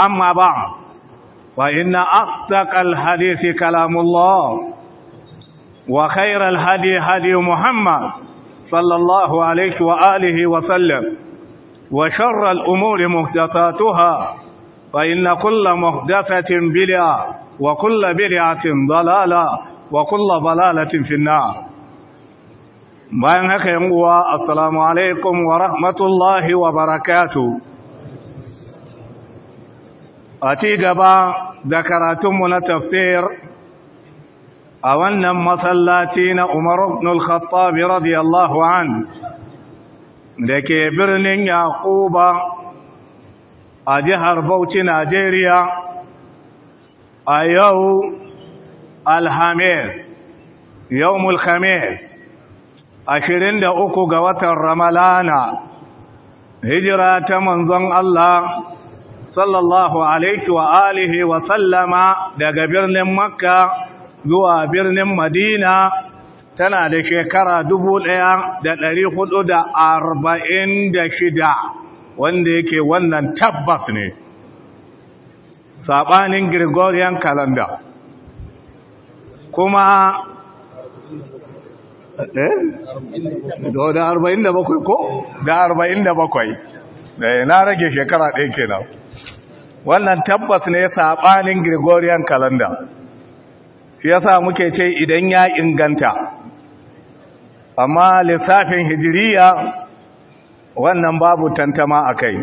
أما بعد فإن أصدق الحديث كلام الله وخير الهدي هدي محمد صلى الله عليه وآله وسلم وشر الأمور مهدثاتها فإن كل مهدثة بلعة وكل بلعة ضلالة وكل ضلالة في النار بأنك ينقوى السلام عليكم ورحمة الله وبركاته a gaba da karatunmu na tafsir a wannan masallaci na Umar ibn al radiyallahu an da ke birnin Yakuba a jihar Bauchi Najeriya a yau Alhamis ashirin da uku ga watan Ramalana hijira ta manzon Allah sallallahu alaihi wa alihi wa sallama daga birnin makka zuwa birnin madina tana da shekara 1446 wanda yake wannan tabbas ne sabanin gregorian calendar kuma eh, arba'in da 47 ko da 47 eh, na rage shekara ɗaya kenan wannan tabbas ne saɓanin gregorian calendar shi yasa muke ce idan ya inganta amma lissafin hijiriya wannan babu tantama a kai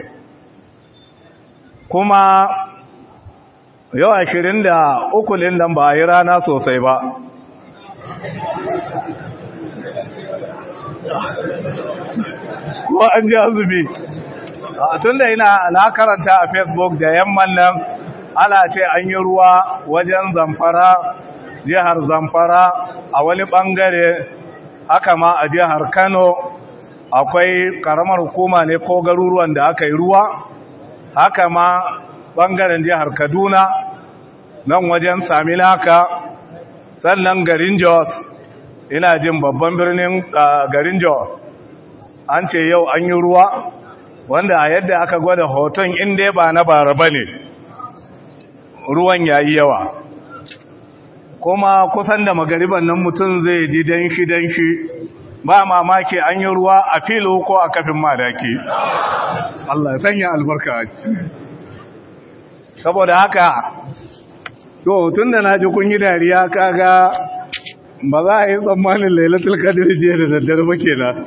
kuma yau ashirin da ukulin nan ba a yi rana sosai ba ko an ji azumi tun da ina na karanta a facebook da yamman nan ala ce an yi ruwa wajen zamfara jihar zamfara a wani bangare haka ma a jihar kano akwai karamar hukuma ne ko garuruwan da aka yi ruwa haka ma bangaren jihar kaduna nan wajen naka sannan garin jos ina jin babban birnin ah, garin jos an ce yau an yi ruwa wanda a yadda aka gwada hoton inda ba na bara ba ne ruwan ya yi yawa kuma kusan da magariban nan mutum zai ji danshi-danshi ba mamaki an yi ruwa a filo ko a kafin madaki Allah sanya albarka saboda haka to tun da na ji kun yi dariya kaga ba za a yi tsammanin lailatul kadir jiya da daddare ba kenan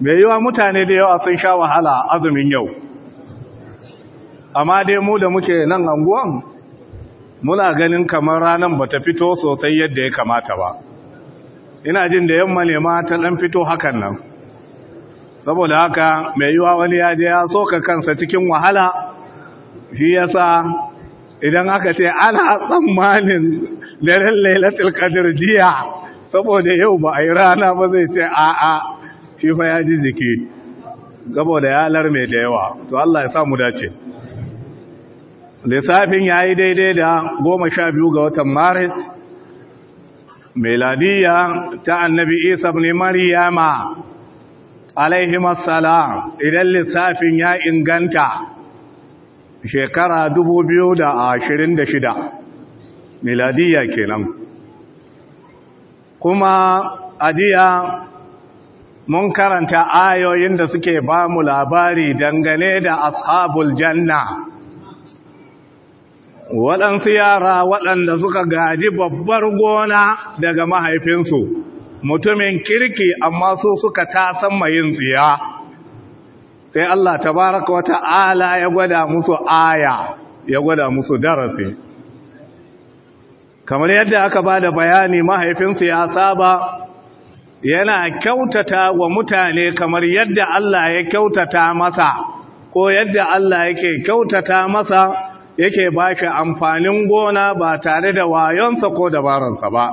mai yiwa mutane da yawa sun sha wahala azumin yau amma dai mu da muke nan anguwan muna ganin kamar ranar ba ta fito sosai yadda ya kamata ba ina jin da yamma ne ma ta ɗan fito hakan nan saboda haka mai yiwa wani ya je ya soka kansa cikin wahala shi yasa idan aka ce ana tsammanin daren lailatul qadr jiya saboda yau ba a yi rana ba zai ce a'a shi fa ya ji jiki Gabo da ya larme da yawa to Allah ya sa mu dace lissafin ya yi daidai da goma sha biyu ga watan maris meladiya ta annabi isa ne alaihi matsala idan lissafin ya inganta shekara da da ashirin shida ke kenan kuma adiya mun karanta ayoyin da suke ba mu labari dangane da ashabul janna waɗansu yara waɗanda suka gaji babbar gona daga mahaifinsu mutumin kirki amma su suka tasan mayin tsiya sai Allah tabaraka wa ta'ala ya gwada musu aya ya gwada musu darasi kamar yadda aka ba da bayani mahaifinsu ya saba yana kyautata wa mutane kamar yadda Allah ya kyautata masa ko yadda Allah yake kyautata masa yake ba shi amfanin gona ba tare da wayonsa ko dabaransa ba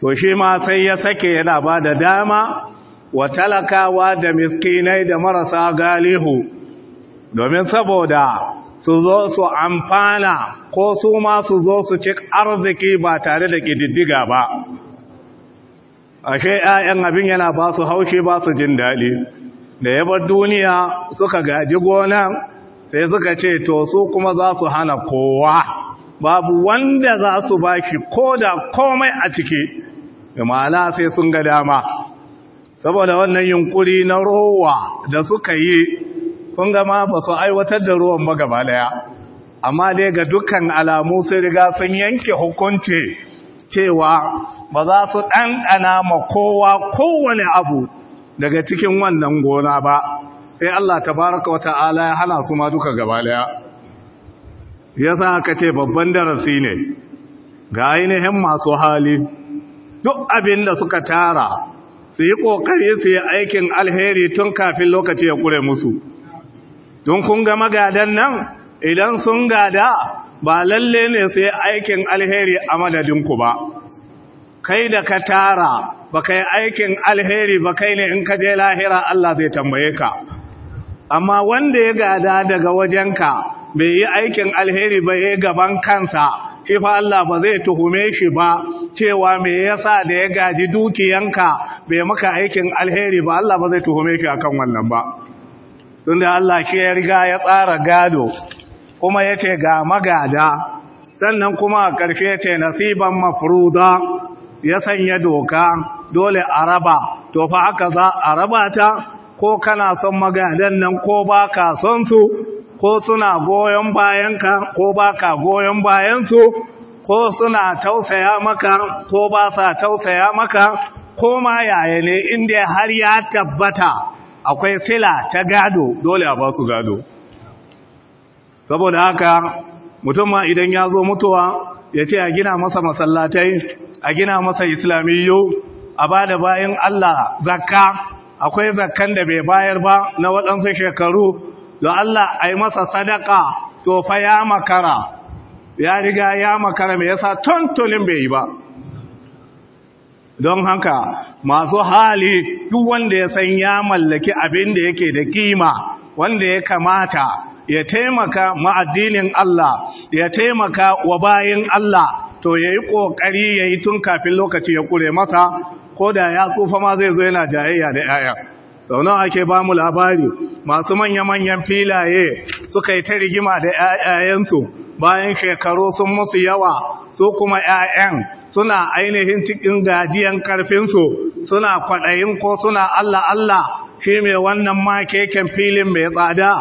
to shi ma sai ya sake yana ba da dama wa talakawa da miskinai da marasa galihu domin saboda su zo su amfana ko su ma su zo su ci arziki ba tare da ƙididdiga ba ashe ‘ya'yan abin yana ba su haushi ba su jin daɗi da ya bar duniya suka gaji gona sai suka ce to su kuma za su hana kowa babu wanda za su ba shi ko da komai a ciki imala sai sun ga dama saboda wannan yunkuri na rowa da suka yi kun gama ba su aiwatar da ruwan ba gaba daya amma dai ga dukkan alamu sai riga sun yanke hukunci cewa ba za su ɗanɗana ma kowa kowane abu daga cikin wannan gona ba sai Allah ta tabaraka wa ta'ala ya hana su ma duka gabalaya Ya sa aka ce babban darasi ne ga ainihin masu hali duk abin da suka tara su yi ƙoƙari su yi aikin alheri tun kafin lokaci ya ƙure musu tun kun ga magadan nan idan sun gada ba lalle ne sai aikin alheri a madadinku ba kai da ka tara ba kai aikin alheri ba kai ne in ka je lahira Allah zai tambaye ka amma wanda ya gada daga wajenka bai yi aikin alheri ba ya gaban kansa shi fa Allah ba zai tuhume shi ba cewa me yasa da ya gaji dukiyanka bai maka aikin alheri ba Allah ba zai tuhume shi akan wannan ba tunda Allah shi ya riga ya tsara gado kuma ya ce ga magada sannan kuma a ƙarfe ce nasiban mafruda ya sanya doka dole a raba to fa haka za a raba ta ko kana son magadan nan ko ba ka son su ko suna goyon bayanka ko ba ka goyon bayansu ko suna tausaya maka ko ba sa tausaya maka ko ma yaya ne inda har ya tabbata akwai fila ta gado dole a ba su gado saboda haka mutum ma idan ya zo mutuwa ya ce a gina masa masallatai a gina masa islamiyyo a ba da bayan Allah zakka akwai zakkan da bai bayar ba na waɗansu shekaru da Allah a yi masa sadaka to fa ya makara ya riga ya makara mai yasa tuntunin bai yi ba don haka masu hali duk wanda ya san ya mallaki abin da yake da kima wanda ya kamata ya taimaka ma'addinin Allah ya taimaka wa bayin Allah to yayi kokari ƙoƙari tun kafin lokaci ya ƙure masa ko da ya tsufa ma zai zo yana jayayya da 'ya'ya sau nawa ake ba mu labari masu manya-manyan filaye suka yi ta rigima da 'ya'yayensu bayan shekaru sun musu yawa su kuma 'ya'yan suna ainihin cikin gajiyan karfinsu suna kwaɗayin ko suna Allah Allah shi mai wannan ma keken filin mai tsada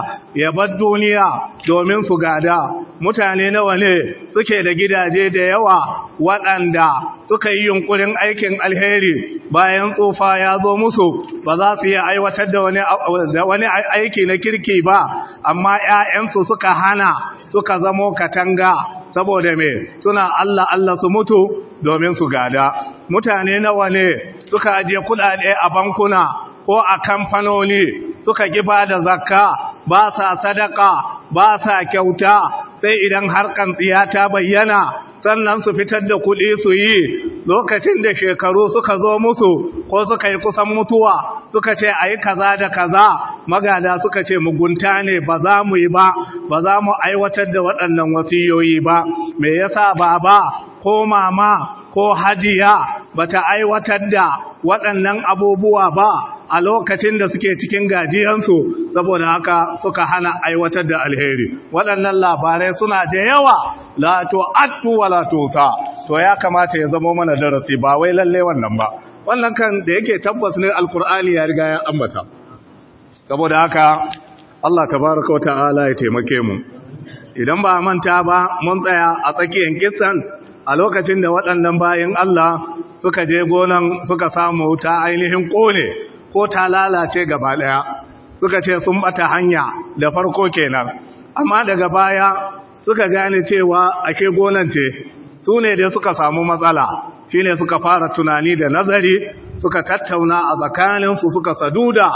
ya bar duniya domin su gada mutane nawa ne suke da gidaje da yawa waɗanda suka yi yunkurin aikin alheri bayan tsufa ya zo musu ba za su iya aiwatar da wani aiki na kirki ba amma 'ya'yansu suka hana suka zamo katanga saboda me suna Allah Allah su mutu domin su gada mutane nawa ne suka ajiye kudade a bankuna ko a kamfanoni suka ki ba da zakka ba sa sadaka ba sa kyauta sai idan har tsiya ta bayyana sannan su fitar da kuɗi su yi lokacin da shekaru suka zo musu ko suka yi kusan mutuwa suka ce a yi kaza da kaza magada suka ce mugunta ne ba za mu yi ba ba za mu aiwatar da waɗannan wasiyoyi ba me yasa baba ko mama ko hajiya ba ta aiwatar da waɗannan abubuwa ba a lokacin da suke cikin gajiyansu saboda haka suka hana aiwatar da alheri waɗannan labarai suna da yawa la attu wa la sa to ya kamata ya zama mana darasi ba wai lalle wannan ba wannan kan da yake tabbas ne alkur'ani ya riga ya ambata saboda haka Allah tabaraka wa ta'ala ya taimake mu idan ba manta ba mun tsaya a tsakiyar kissan a lokacin da waɗannan bayan Allah suka je gonan suka samu ta ainihin ƙone ko ta lalace gaba ɗaya suka ce sun ɓata hanya da farko kenan amma daga baya suka gane cewa ake gonan ce su ne dai suka samu matsala shi ne suka fara tunani da nazari suka tattauna a tsakaninsu suka saduda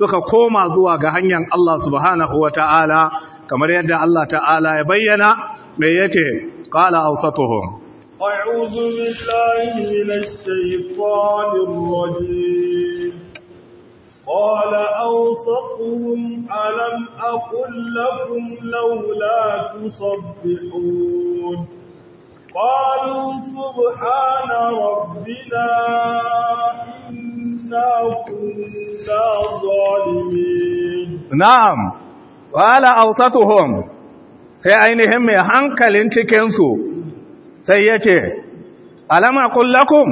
suka koma zuwa ga hanyar Allah subhanahu wa ta'ala kamar yadda Allah ta'ala ya bayyana mai yake kala ausatuhun. أعوذ بالله من الشيطان الرجيم قال أوسطهم ألم أقل لكم لولا تصبحون قالوا سبحان ربنا إنا كنا ظالمين نعم قال أوسطهم sai ainihin mai hankalin cikinsu sai ya ce alama kullakum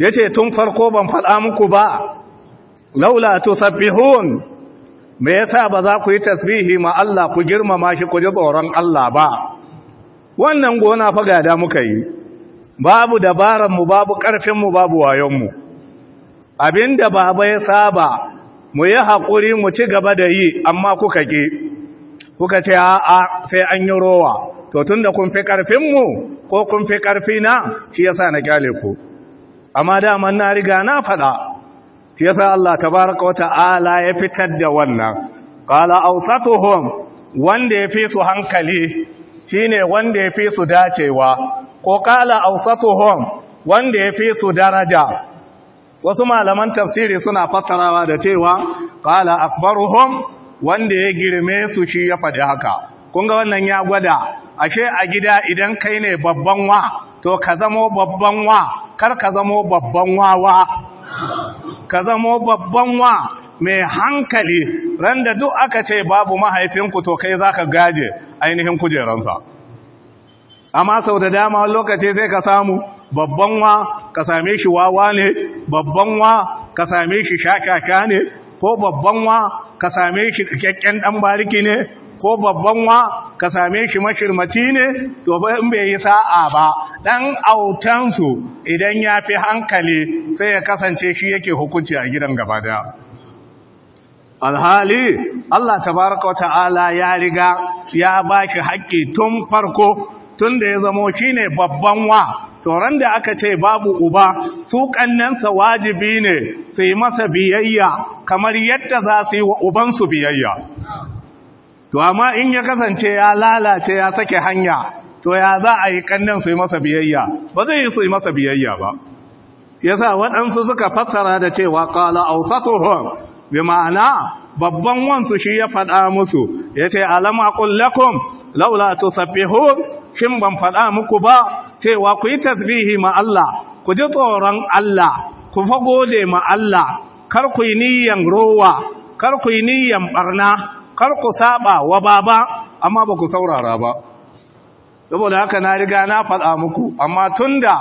ya ce tun farko ban faɗa muku ba laula tusabbihun me yasa ba za ku yi tasbihi ma Allah ku girmama shi ku ji tsoron Allah ba wannan gona fa ga da muka yi babu dabaran mu babu karfin mu babu wayon mu abinda baba ya saba mu yi hakuri mu ci gaba da yi amma kuka ke kuka ce a'a sai an yi rowa to tunda kun fi karfin mu ko kun fi karfi na shi yasa na kyale ku amma da man na riga na faɗa shi yasa Allah tabaraka wa ta'ala ya fitar da wannan qala awsatuhum wanda ya fi su hankali shine wanda ya fi su dacewa ko qala awsatuhum wanda ya fi su daraja wasu malaman tafsiri suna fassarawa da cewa qala akbaruhum wanda ya girme su shi ya faɗi haka kun ga wannan ya gwada ashe a gida idan kai ne babban wa to ka zamo babban wa kar ka zamo babban wawa ka zamo babban wa mai hankali ran da duk aka ce babu mahaifinku to kai za ka gaje ainihin kujeransa amma sau da dama lokaci sai ka samu babban wa ka same shi wawa ne babban wa ka same shi shakaka ne ko babban wa ka same shi kyakken ɗan bariki ne ko babban wa ka same shi mashirmaci ne to in bai yi sa'a ba dan autansu idan ya fi hankali sai ya kasance shi yake hukunci a gidan gaba daya alhali Allah tabaraka ta'ala ya riga ya shi haƙƙi tun farko tun da ya zamo shine babban wa ran da aka ce babu uba su kannansa wajibi ne su yi masa biyayya kamar yadda za su yi wa ubansu biyayya to amma in ya kasance ya lalace ya sake hanya to ya za a yi kannan su masa biyayya ba zai yi su masa biyayya ba yasa waɗansu suka fassara da cewa qala awsatuhum bi ma'ana babban wansu shi ya faɗa musu ya ce alam aqul lakum laula tusabbihun shin ban faɗa muku ba cewa ku yi tasbihi ma Allah ku ji tsoron Allah ku fa gode ma Allah kar ku yi niyyan rowa kar ku yi niyyan barna kar ku saba wa baba amma ba ku saurara ba saboda haka na riga na faɗa muku amma tunda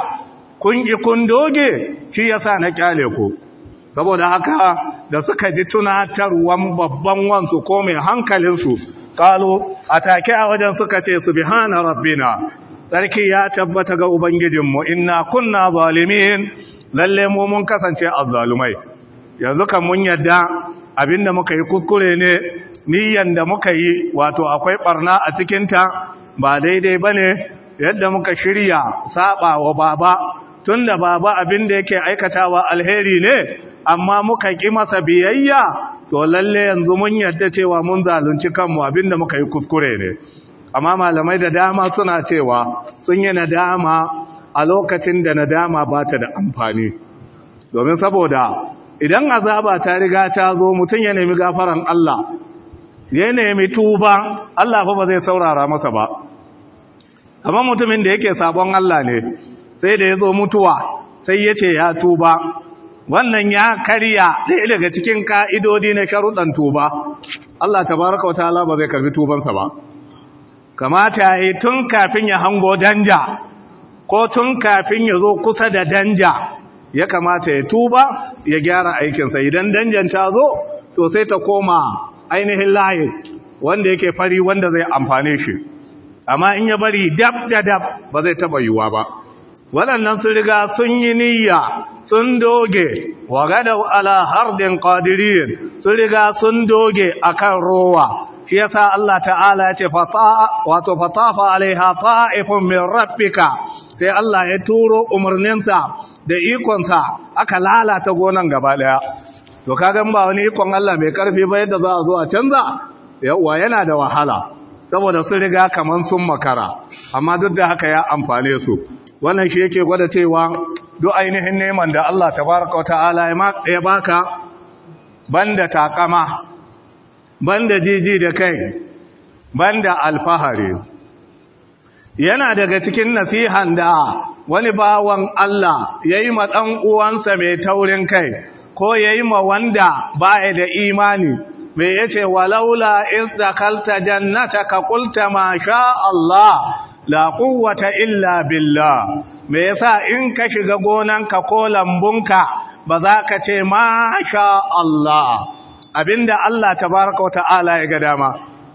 kun ƙi kun doge shi yasa na kyale ku saboda haka da suka ji tunatarwan babban wansu ko mai hankalinsu kalu a take a wajen suka ce subhana rabbina sarki ya tabbata ga ubangijinmu inna kunna zalimin lalle mu mun kasance azzalumai yanzu kan mun yadda abinda muka yi kuskure ne niyan da muka yi wato akwai barna a cikinta ba daidai ba ne yadda muka shirya saba wa baba tun da baba abin da yake aikatawa alheri ne amma muka ƙi masa biyayya to lalle yanzu mun yarda cewa mun zalunci kanmu abin da muka yi kuskure ne amma malamai da dama suna cewa sun yi nadama a lokacin da nadama ba ta da amfani domin saboda idan azaba ta riga ta zo mutum ya nemi gafaran Allah ya nemi tuba Allah fa ba zai saurara masa ba Kamar mutumin da yake sabon Allah ne sai da ya zo mutuwa sai ya ce ya tuba wannan ya karya ɗaya daga cikin ka'idodi na sharuɗan tuba Allah tabaraka wataala ba zai karbi tubansa ba kamata ya yi tun kafin ya hango danja ko tun kafin ya zo kusa da danja ya kamata ya tuba ya gyara aikinsa idan danjan ta zo to sai ta koma ainihin layin wanda yake fari wanda zai amfane shi amma in ya bari dab da dab ba zai taba yiwa ba waɗannan sun riga sun yi niyya sun doge wa gada ala hardin qadirin sun riga sun doge akan rowa shi yasa Allah ta'ala ya ce fata wato fatafa alaiha ta'ifun min rabbika sai Allah ya turo umarninsa da ikonsa aka lalata gonan gaba daya to gan ba wani ikon Allah mai karfi ba yadda za a zo a canza yawa yana da wahala saboda sun riga kaman sun makara amma duk da haka ya amfane su wannan shi yake gwada cewa duk ainihin neman da Allah tabaraka wata'ala ya baka banda takama banda jiji da kai banda alfahari yana daga cikin nasihan da wani bawan Allah ya yi maɗan uwansa mai taurin kai ko ya yi ma wanda ba ya da imani Me ya ce walaula izda kalta jannata ka kulta ma sha Allah la kuwata illa billah mai yasa in ka shiga gonanka ko lambunka ba za ka ce ma sha Allah abinda Allah baraka wa ta'ala ya ga dama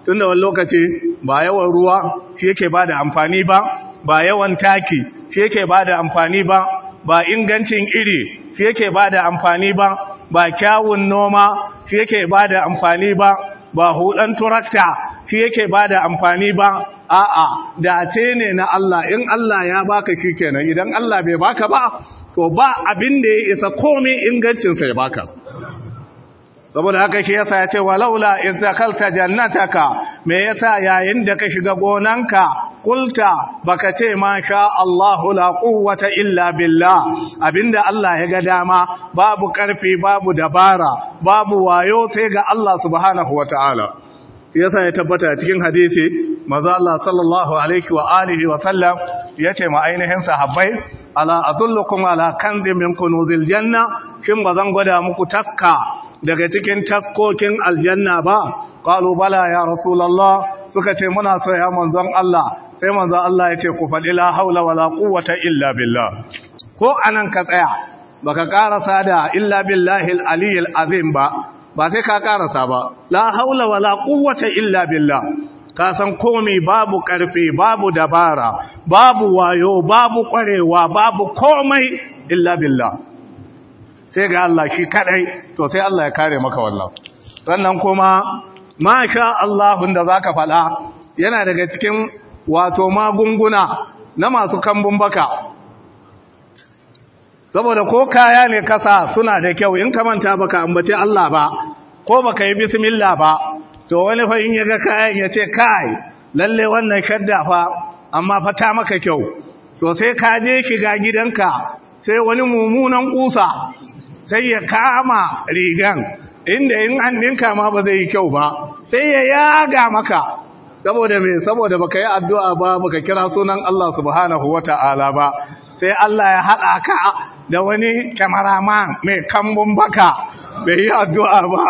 tunda wani lokaci ba yawan ruwa shi yake bada amfani ba ba yawan taki shi yake bada amfani ba ba ingancin iri shi yake ba da amfani ba ba kyawun noma shi yake ba da amfani ba ba hudan turakta shi yake ba da amfani ba a'a dace ne na Allah in Allah ya baka shi kenan idan Allah bai baka ba to ba abin da ya isa komai ingancin sai baka saboda haka shi yasa ya ce walaula idza kalta jannataka me yasa yayin da ka shiga gonanka kulta baka ce ma sha Allahu la quwwata illa billah abinda Allah ya ga dama babu karfi babu dabara babu wayo sai ga Allah subhanahu wataala yasa ya tabbata cikin hadisi manzo Allah sallallahu alaihi wa alihi wa sallam yace ma ainihin sahabbai ala adullukum ala kanzin min kunuzil janna kin bazan gwada muku taska daga cikin tafkokin aljanna ba qalu bala ya rasulullah suka ce muna so ya manzon Allah sai manzo Allah ya ce ku faɗi la haula wala quwwata illa billah ko anan ka tsaya baka karasa da illa billahi aliyil azim ba ba sai ka karasa ba la haula wala quwwata illa billah ka san komai babu karfi babu dabara babu wayo babu kwarewa babu komai illa billah sai ga Allah shi kadai to sai Allah ya kare maka wallahi sannan kuma masha sha Allahun da zaka fada yana daga cikin wato magunguna na masu kambun baka saboda ko kaya ne kasa suna da kyau in ka manta baka ambace Allah ba ko baka yi bismillah ba to wani fa in yaga kayan ya ce kai lalle wannan shadda fa amma fa ta maka kyau to sai ka je shiga gidanka sai wani mumunan kusa sai ya kama rigan inda in an ninka ma ba zai yi kyau ba sai ya yaga maka saboda me saboda baka yi addu'a ba baka kira sunan Allah subhanahu wata'ala ba sai Allah ya hada ka da wani cameraman mai kambun baka bai yi addu'a ba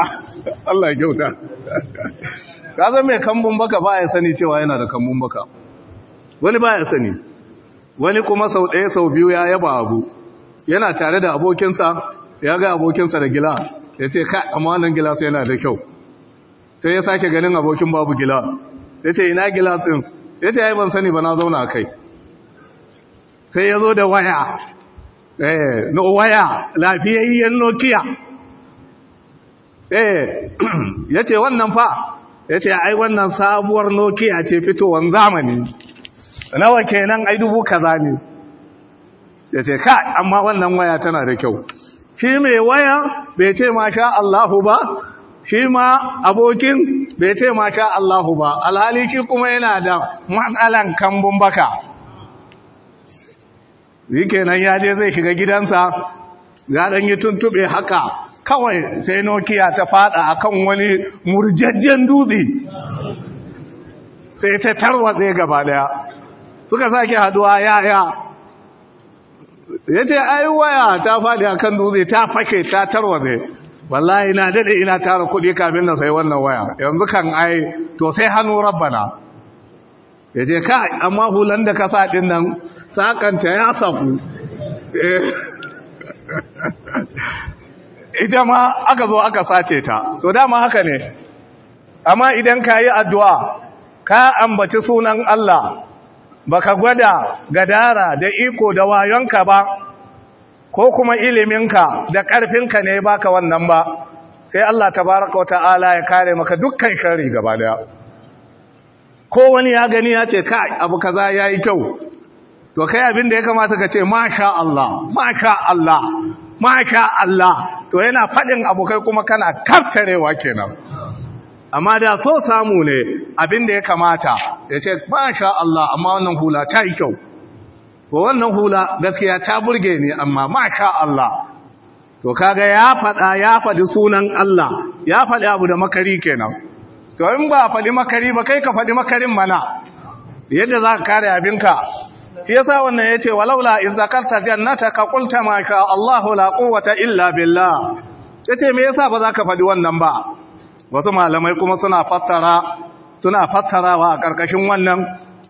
Allah ya kyauta ka san mai kambun baka ba ya sani cewa yana da kambun baka wani ba ya sani wani kuma sau ɗaya sau biyu ya yaba abu yana tare da abokinsa ya ga abokinsa da gila ya ce ka amma wannan gila sai yana da kyau sai ya sake ganin abokin babu gila ya ce ina gilas ɗin ya ce ya ban sani ba na zauna kai sai ya zo da waya eh no waya lafiyayyen nokia eh ya ce wannan fa ya ce ai wannan sabuwar nokia ce fitowar zamani nawa kenan ai dubu kaza ne ya ce ka amma wannan waya tana da kyau shi mai waya bai ce masha Allahu ba shi ma abokin bai ce masha Allahu ba alhali shi kuma yana da matsalan kambun baka yake nan ya je zai shiga gidansa ya dan yi tuntube haka kawai sai nokiya ta fada akan wani murjajjen dutse sai ta tarwatse gaba daya suka sake haduwa yaya yace ai waya ta fadi akan dutse ta fake ta tarwatse wallahi na dade ina tara kuɗi kafin na sai wannan waya yanzu kan ai to sai hannu rabbana yaje ka amma hulan da ka sa din nan sakanta ya saku eh. Idan ma aka zo aka sace ta to dama haka ne amma idan ka yi addu'a ka ambaci sunan Allah baka gwada gadara da iko da wayonka ba ko kuma iliminka da ƙarfinka ne baka wannan ba sai Allah tabaraka wa ta'ala ya kare maka dukkan shari gaba daya ko wani ya gani ya ce ka abu kaza yi kyau to kai abin da ya kamata ka ce masha Allah masha Allah masha Allah to yana fadin abu kai kuma kana kaftarewa kenan amma da so samu ne abin da ya kamata ya ce masha Allah amma wannan hula ta yi kyau wannan hula gaskiya ta burge ne, amma masha Allah to kaga ya faɗa ya faɗi sunan Allah ya faɗi abu da makari kenan to in ba faɗi makari ba kai ka faɗi makarin mana yadda za ka kare abinka shi yasa wannan yace walaula in zakarta ka qulta ma sha Allah la quwwata illa billah yace me yasa ba za ka faɗi wannan ba wasu malamai kuma suna fassara suna fassarawa a karkashin wannan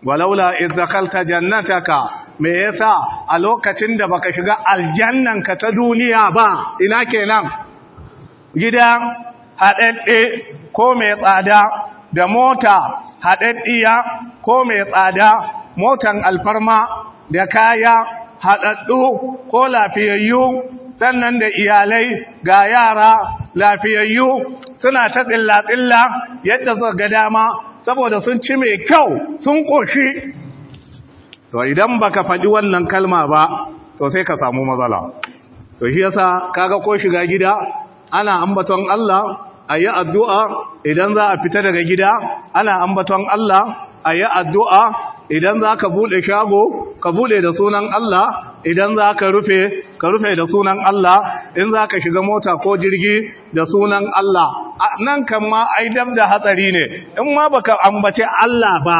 walaula in zakarta jannataka me yasa a lokacin da baka shiga aljannan ka ta duniya ba ina kenan gida haɗaɗɗe ko mai tsada da mota haɗaɗɗiya ko mai tsada motan alfarma da kaya haɗaɗɗu ko lafiyayyu sannan da iyalai ga yara lafiyayyu suna ta tsilla-tsilla yadda suka ga dama saboda sun ci mai kyau sun ƙoshi to idan baka faɗi wannan kalma ba to sai ka samu matsala to shi yasa kaga ko shiga gida ana ambaton Allah ayi addu'a idan za a fita daga gida ana ambaton Allah ayi addu'a idan za ka bude shago ka bude da sunan Allah idan za ka rufe ka rufe da sunan Allah in za ka shiga mota ko jirgi da sunan Allah nan kan ma ai dam da hatsari ne in ma baka ambace Allah ba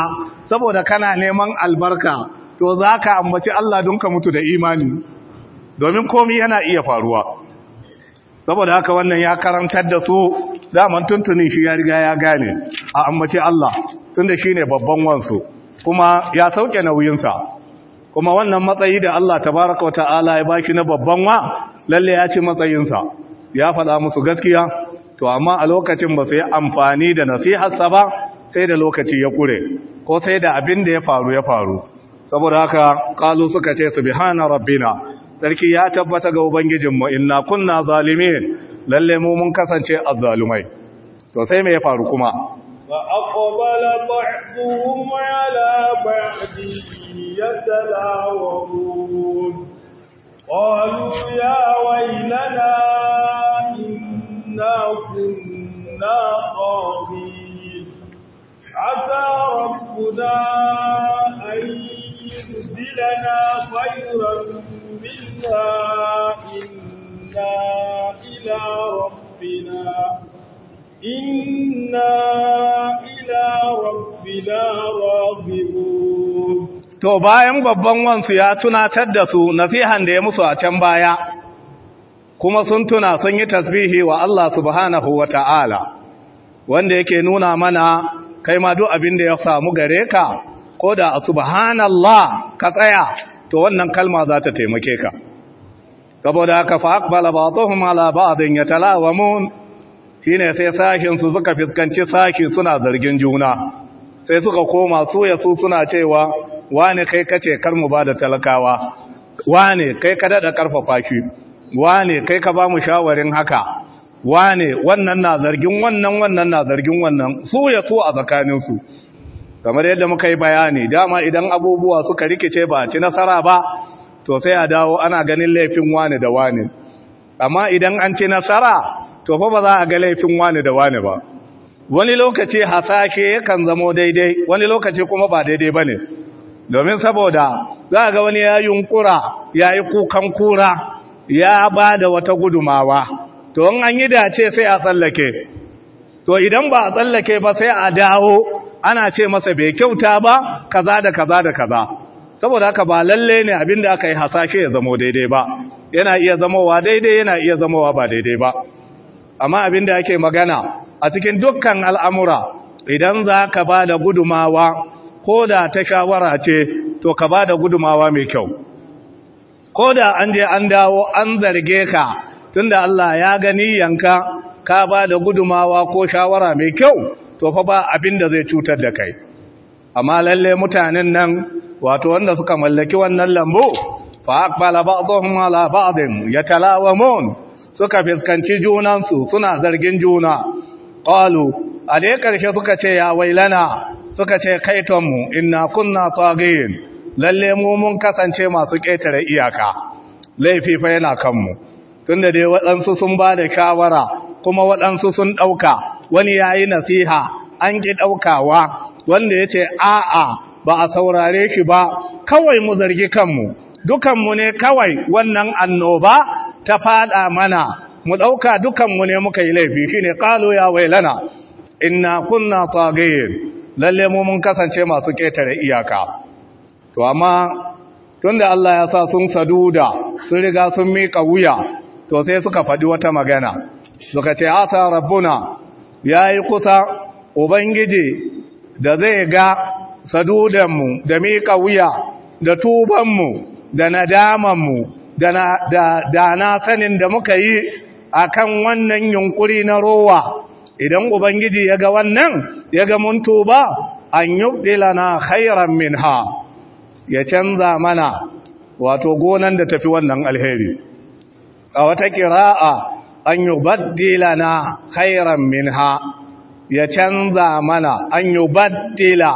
saboda kana neman albarka to za ka ambaci Allah don ka mutu da imani domin komi yana iya faruwa saboda haka wannan ya karantar da su daman tuntunin shi ya riga ya gane a ambaci Allah tunda shi ne babban wansu kuma ya sauke nauyinsa kuma wannan matsayi da Allah tabaraka wa ta'ala ya baki na babban wa lalle ya ci matsayinsa ya faɗa musu gaskiya to amma a lokacin ba su yi amfani da nasiharsa ba sai da lokaci ya kure ko sai da abin da ya faru ya faru saboda haka kalu suka ce subhana rabbina sarki ya tabbata ga mu inna kunna zalimin lalle mu mun kasance azzalumai to sai me ya faru kuma wa aqbala ba'dhum ala ba'di yatalawun qalu ya waylana inna kunna qawmin asa rabbuna ay To bayan babban wansu ya tunatar da su nasihan da ya musu a can baya, kuma sun tuna sun yi tasbihi wa Allah subhanahu wa ta'ala, wanda yake nuna mana kai ma duk abin da ya samu gare ka ko da a subhanallah ka tsaya to wannan kalma za ta taimake ka saboda haka fa aqbala ba'dhum ala ba'din yatalawamun shine sai sashin su suka fiskanci sashi suna zargin juna sai suka koma su ya su suna cewa wane kai kace kar mu bada talakawa wane kai ka dada karfafa shi wane kai ka ba mu shawarin haka wane wannan na zargin wannan wannan na zargin wannan su ya su a tsakaninsu kamar yadda muka yi bayani dama idan abubuwa suka rikice ba ci nasara ba to sai a dawo ana ganin laifin wani da wani amma idan an ci nasara to fa ba za a ga laifin wani da wani ba wani lokaci hasashe yakan zamo daidai wani lokaci kuma ba daidai ba ne domin saboda za a ga wani ya yunkura ya yi kukan kura ya ba da wata gudumawa to in an yi dace sai a tsallake to idan ba a tsallake ba sai a dawo ana ce masa bai kyauta ba kaza da kaza da kaza saboda haka ba lalle ne abin da aka yi hasashe ya zamo daidai ba yana iya zamowa daidai yana iya zamowa ba daidai ba amma abin da ake magana a cikin dukkan al'amura idan za ka ba da gudumawa ko da ta shawara ce to ka ba da gudumawa mai kyau ko da an je an dawo an zarge ka tunda Allah ya gani yanka ka ba da gudumawa ko shawara mai kyau to fa ba abin da zai cutar da kai amma lalle mutanen nan wato wanda suka mallaki wannan lambu fa aqbala ba'dhum ala ba'din yatalawamun suka fiskanci junansu suna zargin juna qalu a dai karshe suka ce ya wailana suka ce kaitonmu inna kunna tagin lalle mu mun kasance masu ketare iyaka laifi fa yana kanmu tunda dai waɗansu sun ba da shawara kuma waɗansu sun ɗauka wani ya yi nasiha an ki ɗaukawa wanda ya yace a'a ba a saurare shi ba kawai mu zargi kanmu dukanmu ne kawai wannan annoba ta faɗa mana mu ɗauka dukanmu ne muka yi laifi shine qalu ya wailana Ina kunna tsagaye lalle mu mun kasance masu ketare iyaka to amma tunda Allah ya sa sun saduda sun riga sun mika wuya to sai suka faɗi wata magana suka ce asa rabbuna ya yi kusa ubangiji da zai ga sadudanmu da miƙa wuya da tubanmu da nadamanmu da na sanin da muka yi a kan wannan yunkuri na rowa idan ubangiji ya ga wannan ya ga mun tuba an yi na hairan min ha ya canza mana wato gonan da tafi wannan alheri a wata ƙira'a an yubaddilana khairan ha ya canza mana an la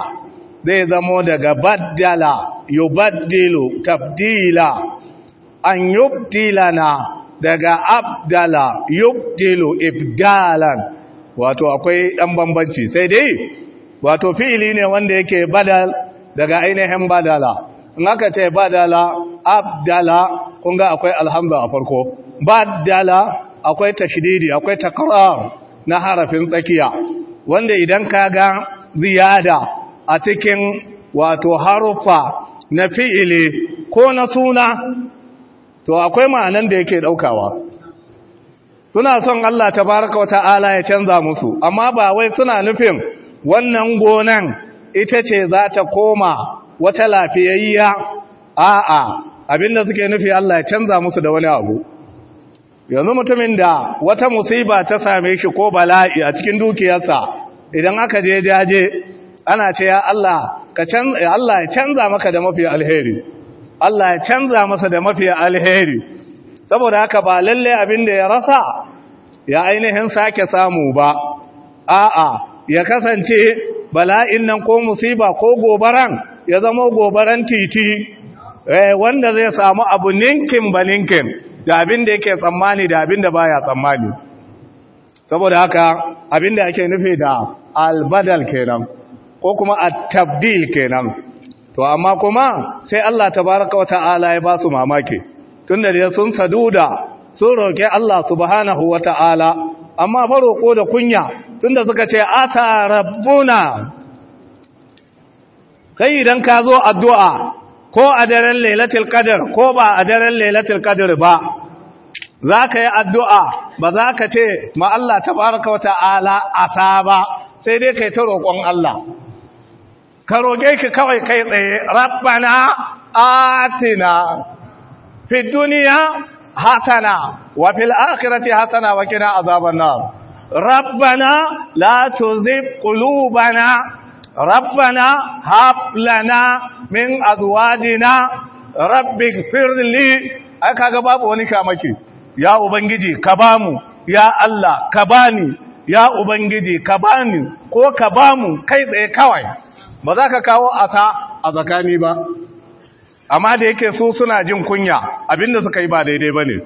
zai zamo daga baddala yubaddilu tabdila an na daga abdala yubdilu ibdalan wato akwai dan bambanci sai dai wato fili ne wanda yake badal daga ainihin badala in aka ce badala abdala kunga akwai alhamdu a farko badala akwai tashdidi akwai takrar na harafin tsakiya wanda idan ka ga ziyada a cikin wato harufa na fi'ili ko na suna to akwai ma'anan da yake daukawa suna son Allah tabaraka wa ta'ala ya canza musu amma ba wai suna nufin wannan gonan ita ce za ta koma wata lafiyayya a'a abinda suke nufi Allah ya canza musu da wani abu yanzu mutumin da wata musiba ta same shi ko bala'i a cikin dukiyarsa idan aka je jaje ana ce ya Allah ka canza ya Allah ya canza maka da mafi alheri Allah ya canza masa da mafi alheri saboda haka ba lalle abin da ya rasa ya ainihin sake samu ba a'a ya kasance bala'in nan ko musiba ko gobaran ya zama gobaran titi eh, wanda zai samu abu ninkin ba ninkin da abin da yake tsammani da abin da baya tsammani saboda haka abin da ake nufi da albadal kenan ko kuma at-tabdil kenan to amma kuma sai Allah tabaraka wata'ala ya ba su mamaki tunda da sun saduda sun roke Allah subhanahu wata'ala amma ba roko da kunya tunda suka ce ata rabbuna sai idan ka zo addu'a ko a daren lailatul qadr ko ba a daren lailatul qadr ba za ka yi addu'a ba za ka ce ma Allah tabaaraka wa ta'ala asa ba sai dai kai ta roƙon Allah ka roƙe ki kawai kai tsaye rabbana atina fid dunya hasana wa fil akhirati hasana wa qina azaban nar rabbana la tuzigh qulubana ربنا هب لنا من أزواجنا رب اغفر لي kaga babu wani shamaki ya ubangiji ka bamu ya Allah ka bani ya ubangiji ka bani ko ka bamu kai tsaye kawai ba za ka kawo asa a zakani ba amma da yake so suna jin kunya abinda suka yi ba daidai bane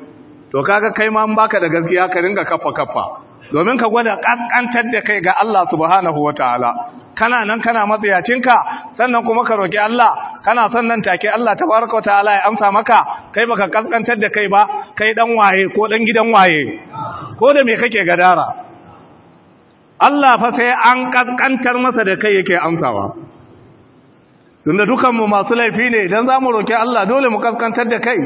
to kaga kai ma baka da gaskiya ka ringa kaffa kaffa domin ka gwada ƙanƙantar da kai ga Allah subhanahu wa ta'ala kana nan kana matsayacinka sannan kuma ka roƙi Allah kana sannan take Allah ta tabaraka wa ta'ala ya amsa maka kai baka ƙanƙantar da kai ba kai ɗan waye ko ɗan gidan waye ko da me kake gadara Allah fa sai an ƙanƙantar masa da kai yake amsawa tunda dukanmu masu laifi ne idan za mu roƙi Allah dole mu ƙanƙantar da kai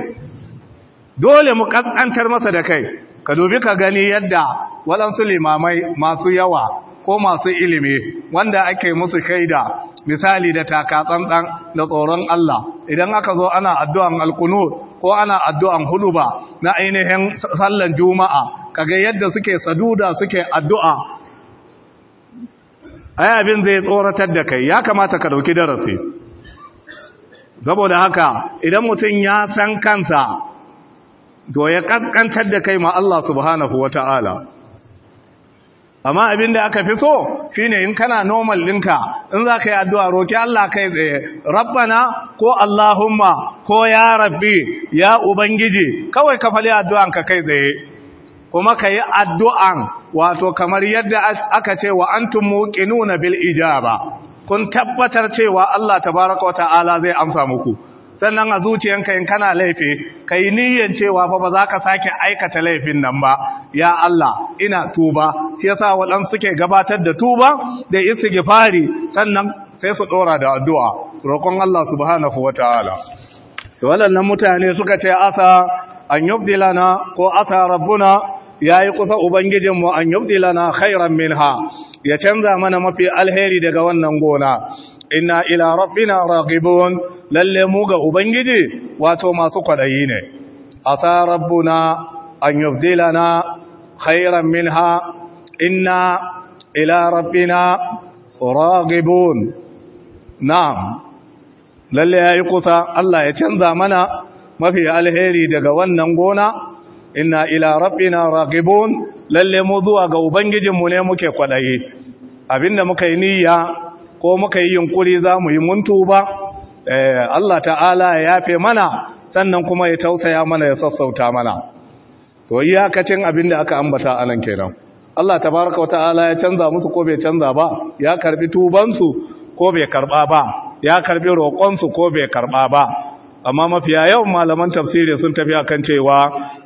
dole mu ƙanƙantar masa da kai ka dubi ka gani yadda waɗansu limamai masu yawa ko masu ilimi wanda ake musu shaida misali da takatsantsan da tsoron Allah idan aka zo ana addu'an alkunu ko ana addu'an huluba na ainihin sallan juma'a kaga yadda suke saduda suke addu'a ai abin zai tsoratar da kai ya kamata ka dauki darasi saboda haka idan mutum ya san kansa to ya kankantar da kai ma Allah subhanahu wa ta'ala. amma abin da aka fi so shine in kana normal ɗinka in za ka yi addu'a roki Allah kai tsaye rabbana ko Allahumma ko ya rabbi ya ubangiji kawai ka fali addu'an ka kai tsaye kuma ka yi addu'an wato kamar yadda aka ce wa an tun bil ijaba kun tabbatar cewa Allah tabaraka wa ta'ala zai amsa muku sannan a zuciyanka in kana laifi ka yi niyyan cewa fa ba za ka sake aikata laifin nan ba ya Allah ina tuba shi yasa waɗansu suke gabatar da tuba da istighfari sannan sai su ɗora da addu'a roƙon Allah subhanahu wataala to waɗannan mutane suka ce asa an yubdilana ko asa rabbuna ya yi kusa Ubangijinmu an yubdilana khairan minha ya canza mana mafi alheri daga wannan gona inna ila rabbina raqibun lalle mu ga ubangiji wato masu kwadayi ne asa rabbuna an yubdilana khairan minha inna ila rabbina raqibun na'am lalle yayi kusa Allah ya canza mana mafi alheri daga wannan gona inna ila rabbina raqibun lalle mu zuwa ga ubangijinmu ne muke kwadayi abinda muka yi niyya ko muka yi yunkuri za mu yi muntu ba eh, Allah ta'ala ya yafe mana sannan kuma ya tausaya mana ya sassauta mana to yi haka cin abin da aka ambata a nan kenan Allah tabaraka wa ta'ala ya canza musu ko bai canza ba ya karbi tubansu ko bai karba ba ya karbi roƙonsu ko bai karba ba amma mafiya yawan malaman tafsiri sun tafi akan cewa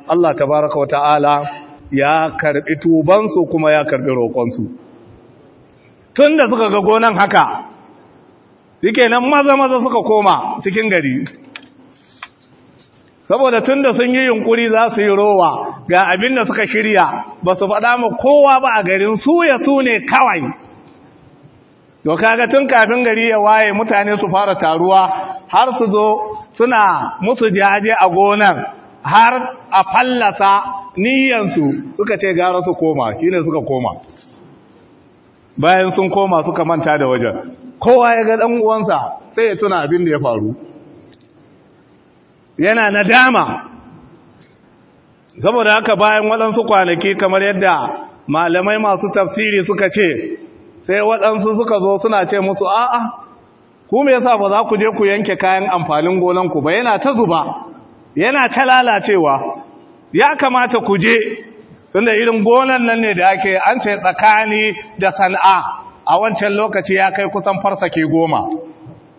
Allah tabaraka wa ta'ala ya karbi tubansu kuma ya karbi roƙonsu tun da suka ga gonan haka suke nan maza-maza suka koma cikin gari saboda tun da sun yi yunkuri za su yi rowa ga abin da suka shirya ba su faɗa ma kowa ba a garin su su ne kawai to kaga tun kafin gari ya waye mutane su fara taruwa har su zo suna musu jaje a gonar har a fallasa niyyansu suka ce gara su koma shine suka koma bayan sun koma suka manta da wajen kowa ya ga dan uwansa sai ya tuna abin da ya faru yana nadama saboda haka bayan waɗansu kwanaki kamar yadda malamai masu tafsiri suka ce sai waɗansu suka zo suna ce musu a'a ku me yasa ba za ku je ku yanke kayan amfanin gonanku ba yana ta zuba yana ta lalacewa ya kamata ku je tunda irin gonan nan ne da ake an ce tsakani da sana'a a wancan lokaci ya kai kusan farsake goma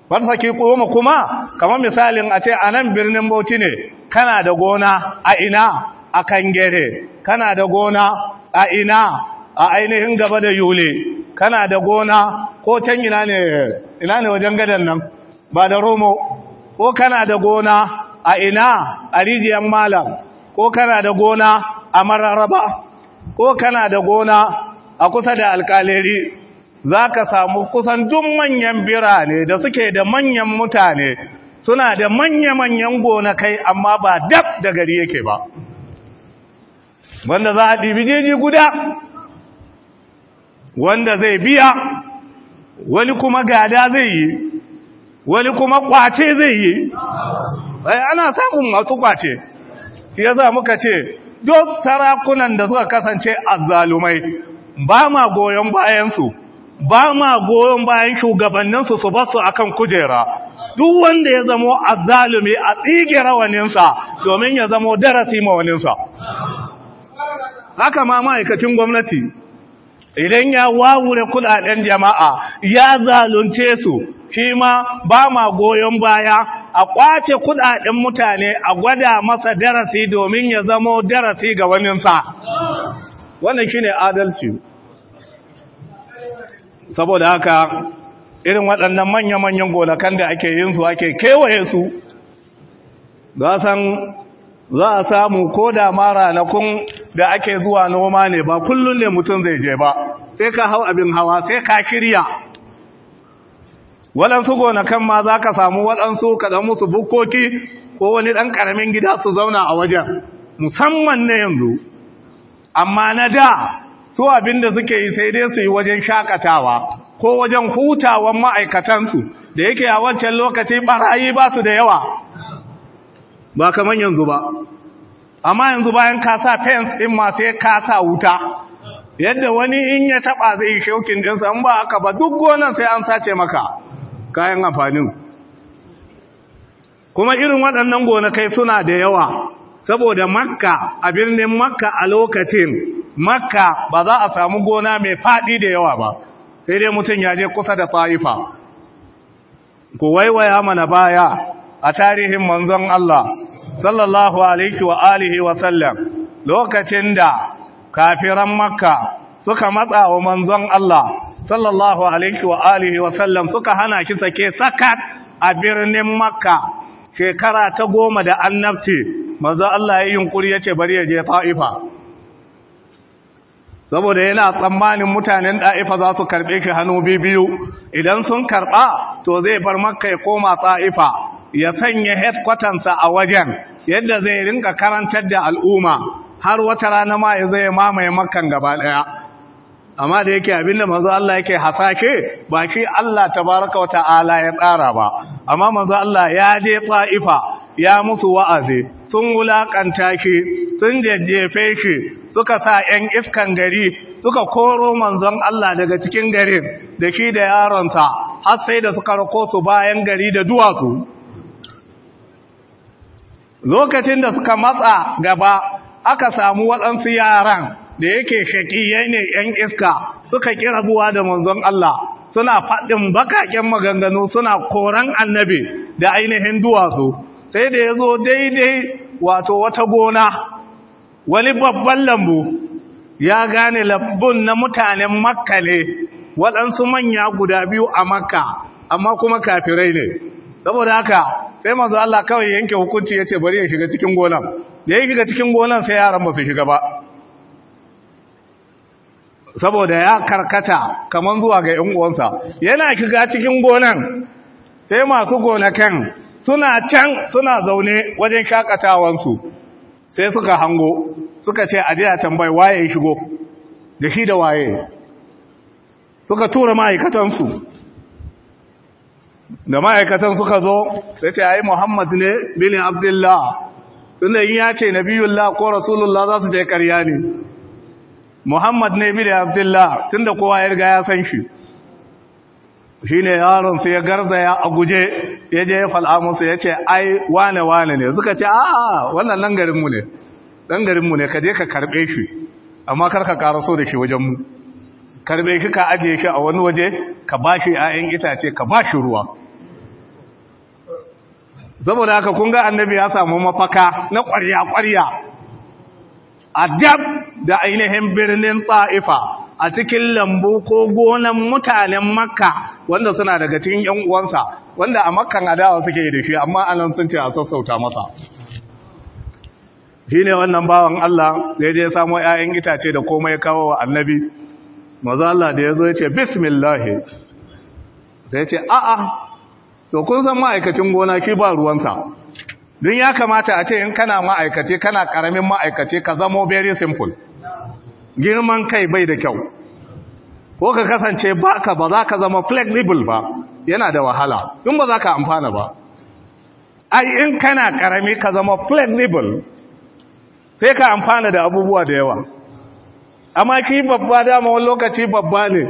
farsake goma kuma kamar misalin a ce a birnin bauchi ne kana da gona a ina a kangere kana da gona a ina a ainihin gaba da yule kana da gona ko can ina ne wajen gadan nan ba da romo ko kana da gona a ina a rijiyar malam ko kana da gona a mararaba ko kana da gona a kusa da alkaleri za ka samu kusan dun manyan birane da suke da manyan mutane suna da manya-manyan gonakai amma ba dab da gari yake ba wanda za a ɗibi jeji guda wanda zai biya wani kuma gada zai yi wani kuma kwace zai yi ana samun masu kwace ya za muka ce duk sarakunan da suka kasance azzalumai ba ma goyon bayansu ba ma goyon bayan shugabanninsu su basu akan kujera duk wanda ya zamo azzalumi a tsige rawaninsa domin ya zamo darasi ma haka ma ma'aikacin gwamnati idan ya wawure kudaden jama'a ya zalunce su shi ma ba ma goyon baya a kwace kudaden mutane a gwada masa darasi domin ya zamo darasi ga waninsa wannan shine adalci saboda haka irin waɗannan manya-manyan gonakan da ake yin su ake kewaye su za san za a samu ko da mara na kun da ake zuwa noma ne ba kullum ne mutum zai je ba sai ka hau abin hawa sai ka shirya. waɗansu gonakan ma za ka samu waɗansu ka musu bukkoki ko wani ɗan ƙaramin gida su zauna a wajen musamman na yanzu amma na da su abin da suke yi sai dai su yi wajen shakatawa ko wajen hutawan ma'aikatansu da yake a wancan lokaci ɓarayi ba su da yawa ba kamar yanzu ba amma yanzu bayan ka sa fence ɗin ma sai ka sa wuta yadda wani in ya taɓa zai shaukin ɗinsa in ba aka ba duk gonan sai an sace maka kayan amfanin kuma irin waɗannan gonakai suna da yawa saboda makka a birnin makka a lokacin makka ba za a samu gona mai faɗi da yawa ba sai dai mutum ya je kusa da ta'ifa ku waiwaya mana baya a tarihin manzon Allah sallallahu alaihi wa alihi wa sallam lokacin da kafiran makka suka matsa wa manzon Allah sallallahu alaihi wa alihi wa sallam suka hana shi sake sakat a birnin makka shekara ta goma da annabci manzo Allah ya yunkuri yace bari ya je ta'ifa saboda yana tsammanin mutanen ɗa'ifa za su karɓe shi hannu biyu idan sun karɓa to zai bar makka ya koma ta'ifa ya sanya headquartersa a wajen yadda zai rinka karantar da al'umma har wata rana ma ya zai mamaye makkan gaba ɗaya amma da yake abin da manzo Allah yake hasake ba shi Allah tabaraka wata'ala ya tsara ba amma manzo Allah ya je ta'ifa ya musu wa'azi sun wulakanta shi sun jajjefe shi suka sa 'yan iskan gari suka koro manzon Allah daga cikin garin da shi da yaronsa har sai da suka rako su bayan gari da duwatsu lokacin da suka matsa gaba aka samu waɗansu yaran da yake shaƙiyai ne ‘yan iska suka kira buwa da manzon Allah suna faɗin bakaƙen maganganu suna koran annabi da ainihin duwatsu sai da ya zo daidai wato wata gona wani babban lambu ya gane lambun na mutanen makka ne waɗansu manya guda biyu a makka amma kuma kafirai ne saboda haka sai manzo Allah kawai yanke hukunci ya ce bari ya shiga cikin gonan da ya shiga cikin gonan sai yaran ba su shiga ba saboda ya karkata kaman zuwa ga 'yan uwansa yana kiga cikin gonan sai masu gonakan suna can suna zaune wajen shakatawansu sai suka hango suka ce aje a tambayi waye shigo da shi da waye suka tura ma'aikatansu da ma'aikatan suka zo sai ce ai muhammad ne bin abdullah tunda in ya ce nabiyullah ko rasulullah za su je ƙarya ne muhammad ne bi da abdullah tunda kowa ya riga ya san shi shi yaron su ya garza ya aguje ya je sai ya ce ai wane wane ne suka ce a wannan nan garinmu ne garin garinmu ne ka je ka karɓe shi amma kar ka karaso da shi wajenmu karɓe shi ka ajiye shi a wani waje ka bashi shi ‘ya'yan itace ka ba shi ruwa saboda haka kun ga annabi ya samu mafaka na ƙwarya-ƙwarya a da ainihin birnin ta'ifa a cikin lambu ko gonan mutanen makka wanda suna daga cikin yan uwansa wanda a makkan adawa suke da shi amma nan sun ce a sassauta masa Shi ne wannan bawan Allah da ya je samo 'ya'yan itace da komai kawo wa annabi maza Allah da ya zo ce bismillah sai ce a'a to kun san ma'aikacin gona shi ba ruwansa don ya kamata a ce in kana ma'aikace kana karamin ma'aikace ka zamo very simple girman kai bai da kyau ko ka kasance baka ba za ka zama flexible ba yana da wahala in ba za ka amfana ba ai in kana karami ka zama flexible sai ka amfana da abubuwa da yawa amma ki babba dama wani lokaci babba ne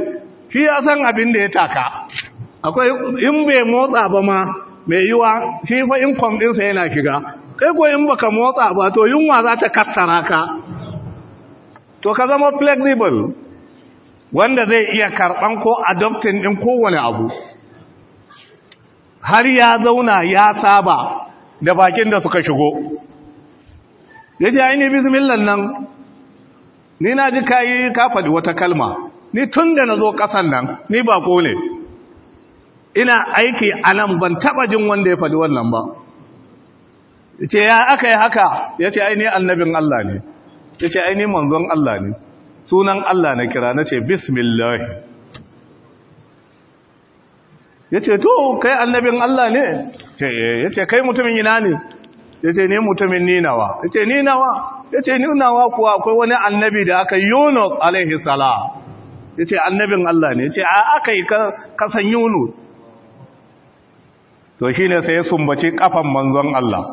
ki ya san abin da ya taka akwai in bai motsa ba ma mai yiwa shi fa in kwamɗinsa yana shiga kai ko in baka motsa ba to yunwa za ta kassara ka to ka zama flexible wanda zai iya karɓan ko adopting ɗin kowane abu har ya zauna ya saba da bakin da suka shigo ya ce aini bismillah nan ni na ji kayi ka faɗi wata kalma ni tun da na zo kasan nan ni ba ne ina aiki a nan ban taba jin wanda ya faɗi wannan ba ya ce ya aka yi haka ya ce aini annabin Allah ne ya ce aini manzon Allah ne sunan Allah na kira na ce bismillah ya ce to kai annabin Allah ne ya ce eh. kai mutumin ina ne ya ce ne mutumin ninawa ya ce ninawa ya ce ninawa kuwa akwai wani annabi da aka yunus alaihi sala. ya ce annabin Allah ne ya ce a aka yi kasan yunus to shi ne sai sumbaci kafan manzon Allah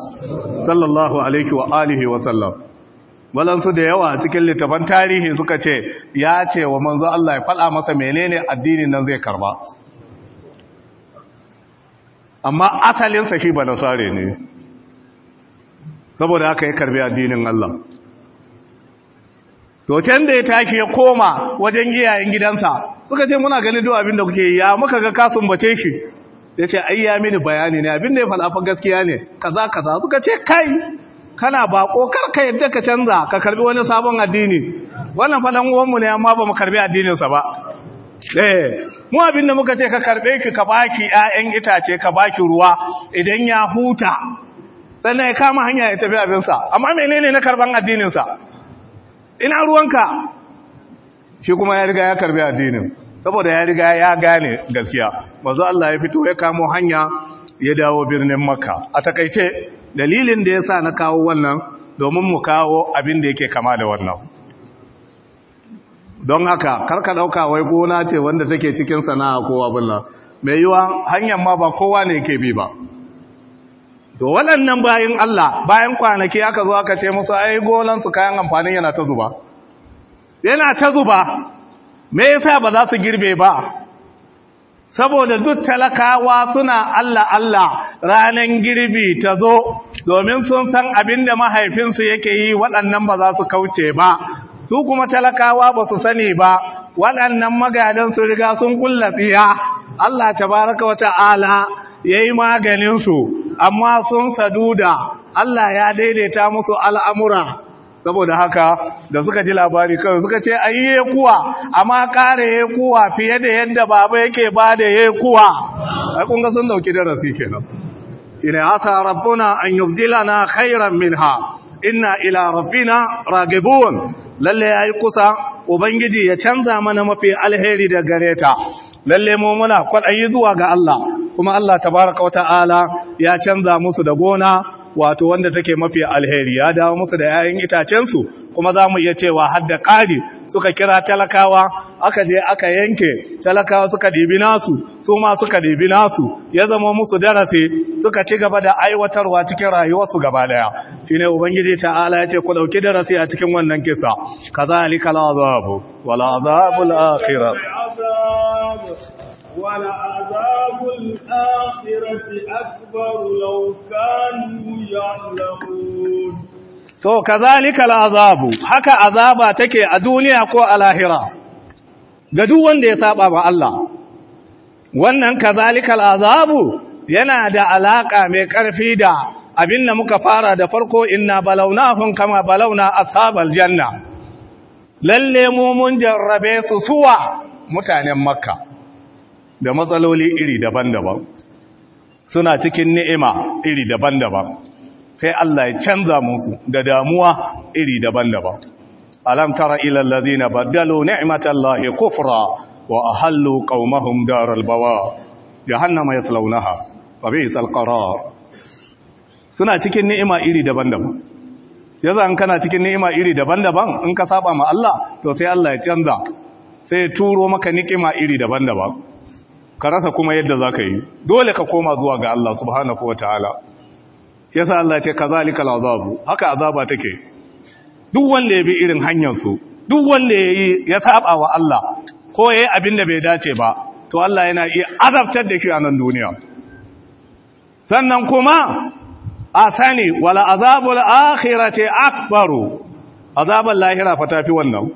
sallallahu alaihi wa alihi wa sallam walansu da yawa cikin littafan tarihi suka ce ya ce wa manzo Allah ya faɗa masa menene addinin nan zai karba amma asalinsa shi ba nasare ne saboda haka ya karbi addinin Allah to can da ya tashi ya koma wajen iyayen gidansa suka ce muna ganin duk abin da kuke ya muka ga kasun bace shi yace ce ai mini bayani ne abin da ya faɗa fa gaskiya ne kaza kaza suka ce kai kana ba kar ka yadda ka canza ka karbi wani sabon addini wannan fa dan uwanmu ne amma ba mu karbi addininsa ba eh mu abin da muka ce ka karbe ki ka baki ƴaƴan itace ka baki ruwa idan ya huta sannan ya kama hanya ya tafi abin sa amma menene na karban addinin sa ina ruwanka shi kuma ya riga ya karbi addinin saboda ya riga ya gane gaskiya manzo Allah ya fito ya kamo hanya ya dawo birnin makka a takaice dalilin da ya sa na kawo wannan domin mu kawo abin da yake kama da wannan don haka karka dauka wai gona ce wanda take cikin sana'a kowa bulla mai yiwa hanyar ma ba kowa ne yake bi ba to waɗannan bayan Allah bayan kwanaki aka zo aka ce musu ai golan su kayan amfanin yana ta zuba yana ta zuba me yasa ba za su girbe ba saboda duk talakawa suna Allah Allah ranan girbi ta zo domin sun san abin da mahaifinsu yake yi waɗannan ba za su kauce ba su kuma talakawa ba su sani ba waɗannan magadan su riga sun kulla tsiya Allah Ta baraka wata ta'ala ya yi maganinsu amma sun saduda Allah ya daidaita musu al'amura saboda haka da suka ji labari kawai suka ce ayi yi kuwa amma kare ya kuwa fiye da yadda baba yake ba da ya kuwa ai kun ga sun dauki darasi kenan إن عسى ربنا أن يبدلنا خيرا منها إنا إلى ربنا راغبون lalle ya yi kusa ubangiji ya canza mana mafi alheri da gare ta lalle mu muna yi zuwa ga Allah kuma Allah tabaraka wa ta'ala ya canza musu da gona wato wanda take mafi alheri ya dawo musu da 'ya'yan itacensu kuma za mu iya cewa har da ƙari suka kira talakawa aka je aka yanke talakawa suka dibi nasu su ma suka dibi nasu ya zama musu darasi suka ci gaba da aiwatarwa cikin rayuwarsu gaba daya shine ubangiji ta'ala ya ce ku dauki darasi a cikin wannan kisa kazalika al'azabu wala azabul akhirah azabul akhirati akbar law kanu ya'lamun to kazalika azabu haka azaba take a duniya ko a lahira ga duk wanda ya saba ba Allah wannan kazalika azabu yana da alaka mai karfi da abin da muka fara da farko inna balawnahum kama balawna ashabal janna lalle mu mun jarrabe su suwa mutanen makka da matsaloli iri daban-daban suna cikin ni'ima iri daban-daban sai Allah ya canza musu da damuwa iri daban-daban alam tara ila allazina badalu ni'matallahi kufra wa ahallu qaumahum daral bawa jahannama yatlawnaha fa bi'sal qarar suna cikin ni'ima iri daban-daban yaza an kana cikin ni'ima iri daban-daban in ka saba ma Allah to sai Allah ya canza sai ya turo maka ni'ima iri daban-daban ka rasa kuma yadda zaka yi dole ka koma zuwa ga Allah subhanahu wataala sa Allah ce kazalika al'azabu haka azaba take duk wanda ya bi irin hanyar su duk wanda yayi ya saba wa Allah ko yayi abin da bai dace ba to Allah yana iya azabtar da shi a nan duniya sannan kuma asani wala azabul akhirati akbaru azabul lahira fa tafi wannan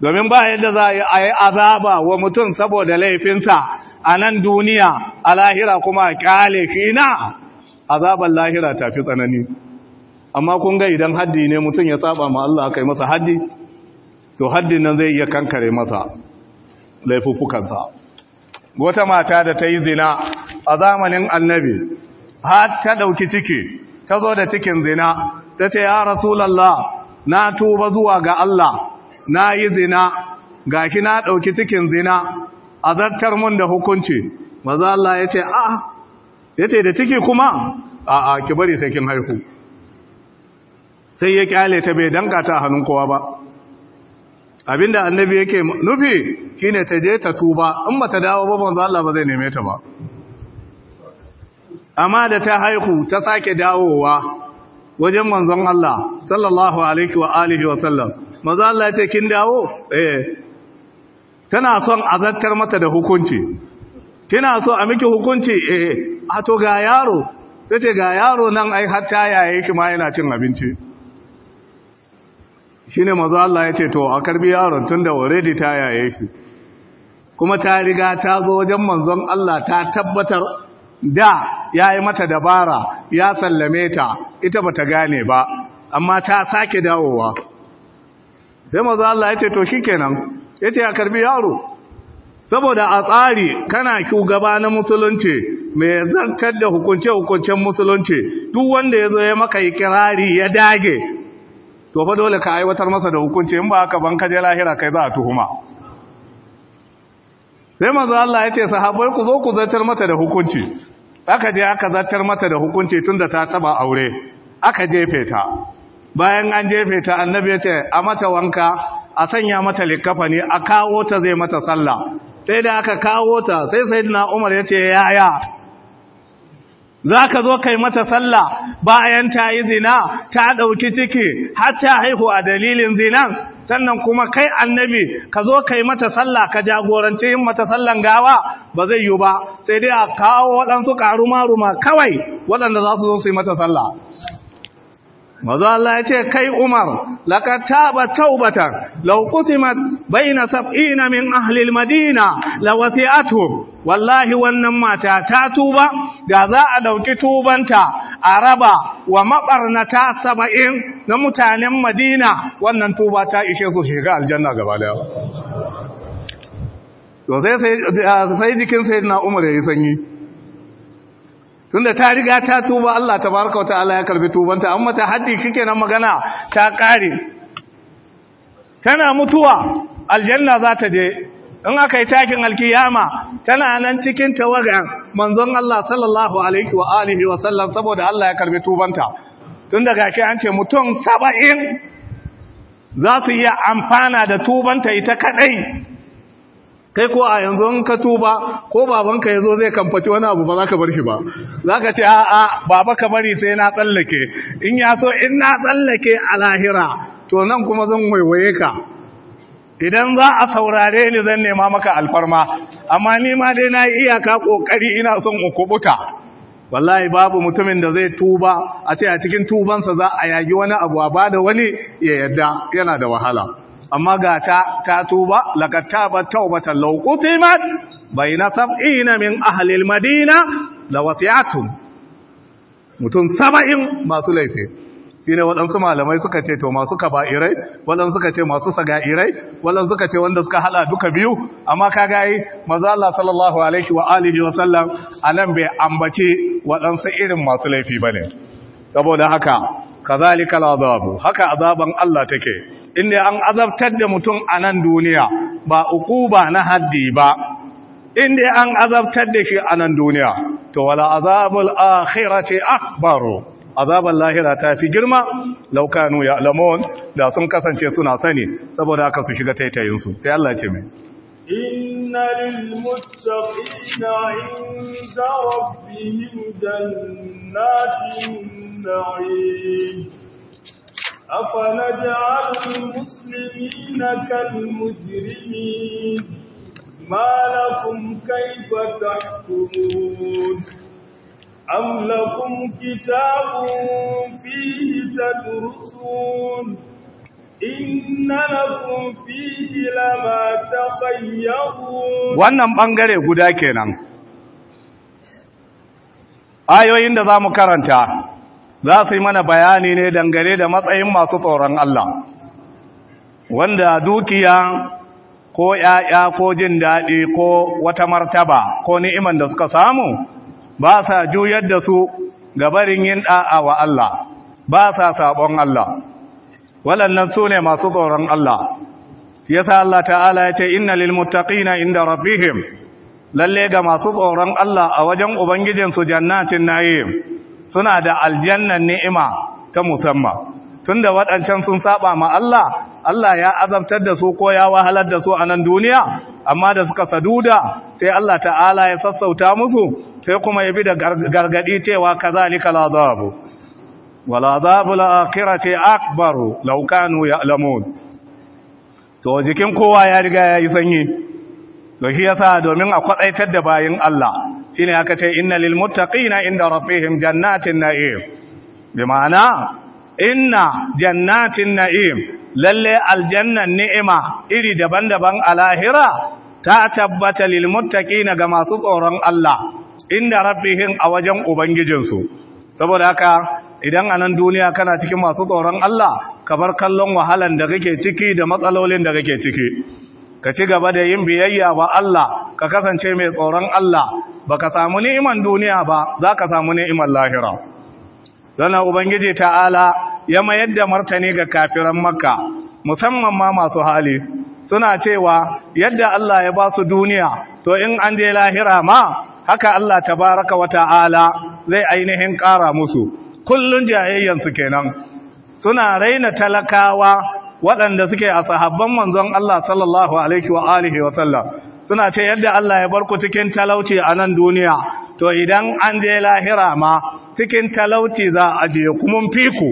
domin ba yadda za a yi azaba wa mutum saboda laifinsa a nan duniya a lahira kuma a kyale shi na azaban lahira ta fi tsanani amma kun ga idan haddi ne mutum ya saba ma Allah kai masa haddi to haddi nan zai iya kankare masa laifuffukansa wata mata da ta yi zina a zamanin annabi har ta ɗauki ciki ta zo da cikin zina ta ce ya rasulallah na tuba zuwa ga Allah na yi zina shi na ɗauki cikin zina a zartar mun da hukunci maza Allah ya ce ah ya ce da ciki kuma a a ki bari sai kin haihu sai ya kyale ta bai danka ta hannun kowa ba abinda annabi yake nufi shine ta je ta tuba in ba ta dawo ba manzo Allah ba zai neme ta ba amma da ta haihu ta sake dawowa wajen manzon Allah sallallahu alaihi wa alihi wa sallam manzo Allah ya ce kin dawo eh tana son azattar mata da hukunci kina so a miki hukunci eh a to ga yaro ta ce ga yaro nan ai har ta yaye shi ma yana cin abinci shi ne mazu Allah ya ce to a karbi yaron tun already ta yaye shi kuma ta riga ta zo wajen manzon Allah ta tabbatar da ya yi mata dabara ya sallame ta ita ba ta gane ba amma ta sake dawowa sai mazu Allah ya ce to shi kenan ya ce a karbi yaro saboda a tsari kana shugaba na musulunci mai zartar da hukunce-hukuncen musulunci duk wanda ya zo ya maka ikirari ya dage to fa dole ka aiwatar masa da hukunce, in ba ka ban kaje lahira kai za a tuhuma sai manzo Allah ya ce sahabbai ku zo ku zartar mata da hukunci aka je aka zartar mata da hukunci tunda ta taba aure aka jefe ta bayan an jefe ta annabi ya ce a mata wanka a sanya mata likafani a kawo ta zai mata sallah sai da aka kawo ta sai sayyidina Umar ya ce yaya za ka zo kai mata sallah bayan ta yi zina ta ɗauki ciki har ta haihu a dalilin zinan sannan kuma kai annabi ka zo kai mata sallah ka jagorance yin mata sallan gawa ba zai yi ba sai dai a kawo waɗansu ƙaruma-ruma kawai waɗanda za su zo su yi mata sallah mazu Allah ya ce kai Umar laka taba taubata law qutimat bayna sab'ina min ahli al-Madina la wasi'atuhum wallahi wannan mata ta tuba da za a dauki tubanta a raba wa mabarnata sab'in na mutanen Madina wannan tuba ta ishe su shiga aljanna gaba daya to sai sai jikin sayyidina Umar yayi sanyi tunda ta riga ta tuba Allah tabaraka wa ta'ala ya karbi tubanta amma ta haddi kike nan magana ta kare tana mutuwa aljanna za ta je in aka yi takin alkiyama tana nan cikin tawagan manzon Allah sallallahu alaihi wa alihi wa sallam saboda Allah ya karbi tubanta Tunda daga an ce mutum saba'in za su iya amfana da tubanta ita kadai kai ko a yanzu in ka tuba ko babanka ya zo zai kamfaci wani abu ba za ka bar shi ba za ka ce a'a baba ka bari sai na tsallake in ya so in na tsallake a lahira to nan kuma zan waiwaye ka idan za a saurare ni zan nema maka alfarma amma ni ma dai na yi iyaka kokari ina son in wallahi babu mutumin da zai tuba a ce a cikin tubansa za a yagi wani abu a bada wani ya yadda yana da wahala amma ga ta ta tuba laqad taba tawbatan law qutimat bayna sab'ina min ahli almadina lawati'atum mutum saba'in masu laifi shine wadansu malamai suka ce to masu kaba'irai Wadansu suka ce masu saga'irai Wadansu suka ce wanda suka hada duka biyu amma kaga ai manzo Allah sallallahu alaihi wa alihi wa sallam anan bai ambace wadansu irin masu laifi bane saboda haka kazalika al'azabu haka azaban Allah take inda an azabtar da mutum a nan duniya ba uquba na haddi ba inda an azabtar da shi a nan duniya to wala azabul akhirati akbaru azaban lahira ta fi girma laukanu ya lamun da sun kasance suna sani saboda haka su shiga taitayinsu sai Allah ya ce mai إن للمتقين عند ربهم جنات النعيم أفنجعل المسلمين كالمجرمين ما لكم كيف تحكمون أم لكم كتاب فيه تدرسون wannan ɓangare guda kenan ayoyin da za mu karanta za su yi mana bayani ne dangane da matsayin masu tsoron Allah wanda dukiya ko 'ya'ya ko jin daɗi ko wata martaba ko ni'iman da suka samu ba sa juyar da su gabarin yin ɗa’a wa Allah ba sa saɓon Allah waɗannan su ne masu tsoron Allah yasa Allah ta'ala ya ce inna lil na inda rabbihim lalle ga masu tsoron Allah a wajen ubangijin su jannatin na'im suna da aljannan ni'ima ta musamman tunda waɗancan sun saba ma Allah Allah ya azabtar da su ko ya wahalar da su a nan duniya amma da suka saduda sai Allah ta'ala ya sassauta musu sai kuma ya bi da gargadi cewa kazalika zaɓu. wal'azab al'akirati akbaru laukanu ya alamun to jikin kowa ya riga ya yi sanyi to shi yasa domin a tsaitar da bayin Allah shine aka ce inna lil muttaqina inda rabbihim jannatin na'im bi ma'ana inna jannatin na'im lalle aljannan ni'ima iri daban-daban a lahira ta tabbata lil muttaqina ga masu tsoron Allah inda rabbihim a wajen ubangijinsu saboda haka idan a nan duniya kana cikin masu tsoron Allah ka bar kallon wahalan da kake ciki da matsalolin da kake ciki ka ci gaba da yin biyayya wa Allah ka kasance mai tsoron Allah ba ka samu ni'iman duniya ba za ka samu ni'iman lahira dana ubangiji ta'ala ya mayar da martani ga kafiran makka musamman ma masu hali suna cewa yadda Allah ya ba su duniya to in an je lahira ma haka Allah tabaraka wa ta'ala zai ainihin ƙara musu kullun jayayyansu kenan suna raina talakawa waɗanda suke a sahabban manzon Allah sallallahu alaihi wa alihi wa sallam suna ce yadda Allah ya barku cikin talauci a nan duniya to idan an je lahira ma cikin talauci za a je kuma fiku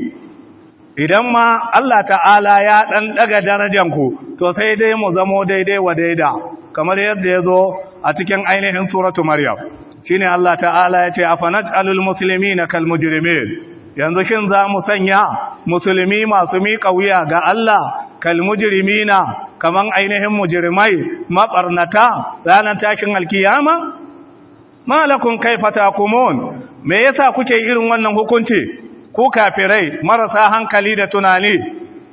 idan ma Allah ta'ala ya dan daga darajar ku to sai dai mu zamo daidai wa daida kamar yadda yazo a cikin ainihin suratu maryam Shin Allah ta'ala ya ce afanaj'alul musulmi na mujrimin yanzu shi za mu sanya musulmi masu miƙa wuya ga Allah kalmujirimi na kamar ainihin mujirmai, maɓarnata, ranar tashin alkiyama malakun kai takumun me yasa kuke irin wannan hukunci ku kafirai marasa hankali da tunani